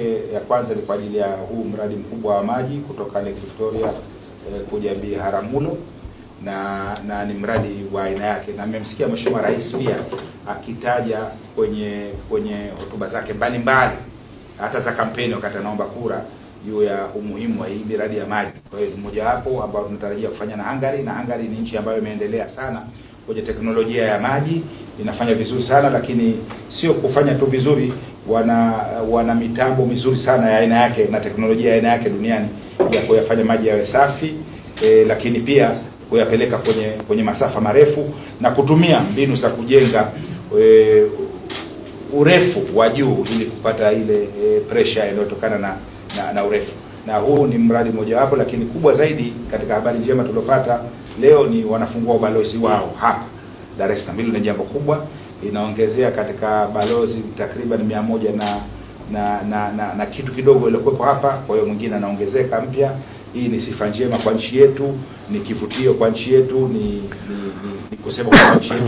yake ya kwanza ni kwa ajili ya huu mradi mkubwa wa maji kutoka Lake Victoria eh, kuja Biharamulo na na ni mradi wa aina yake, na mmemsikia Mheshimiwa Rais pia akitaja kwenye kwenye hotuba zake mbalimbali hata za kampeni wakati anaomba kura juu ya umuhimu wa hii miradi ya maji. Kwa hiyo mojawapo ambao tunatarajia kufanya na Hungary, na Hungary ni nchi ambayo imeendelea sana kwenye teknolojia ya maji, inafanya vizuri sana, lakini sio kufanya tu vizuri, wana wana mitambo mizuri sana ya aina yake na teknolojia ya aina yake duniani ya kuyafanya maji yawe safi e, lakini pia kuyapeleka kwenye kwenye masafa marefu na kutumia mbinu za kujenga e, urefu wa juu ili kupata ile e, pressure inayotokana na, na, na urefu. Na huu ni mradi mmojawapo, lakini kubwa zaidi katika habari njema tuliopata leo ni wanafungua ubalozi wao hapa Dar es Salaam. Hilo ni jambo kubwa inaongezea katika balozi takriban mia moja na na, na, na, na kitu kidogo iliokuwepo hapa. Kwa hiyo mwingine anaongezeka mpya. Hii ni sifa njema kwa nchi yetu, ni kivutio kwa nchi yetu, ni, ni, ni, ni kusema kwa nchi yetu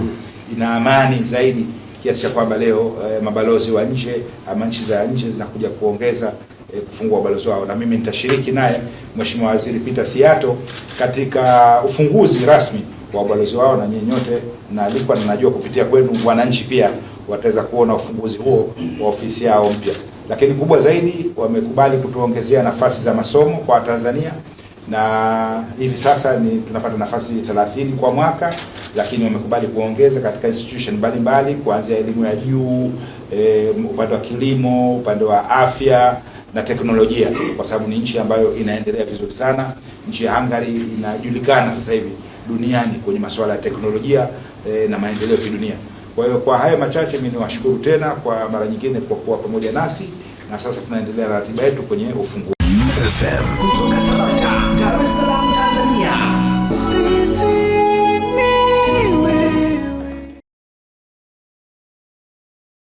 ina amani zaidi kiasi cha kwamba leo eh, mabalozi wa nje ama nchi za nje zinakuja kuongeza eh, kufungua ubalozi wao, na mimi nitashiriki naye Mheshimiwa Waziri Peter Siato katika ufunguzi rasmi wabalozi wao na nyinyi nyote, na nilikuwa ninajua kupitia kwenu wananchi pia wataweza kuona ufunguzi huo wa ofisi yao mpya. Lakini kubwa zaidi, wamekubali kutuongezea nafasi za masomo kwa Tanzania na hivi sasa ni tunapata nafasi 30 kwa mwaka, lakini wamekubali kuongeza katika institution mbalimbali kuanzia elimu ya juu e, upande wa kilimo, upande wa afya na teknolojia, kwa sababu ni nchi ambayo inaendelea vizuri sana. Nchi ya Hungary inajulikana sasa hivi duniani kwenye masuala ya teknolojia e, na maendeleo ya kidunia. Kwa hiyo kwa haya machache, mimi niwashukuru tena kwa mara nyingine kwa kuwa pamoja nasi, na sasa tunaendelea na ratiba yetu kwenye ufunguo FM.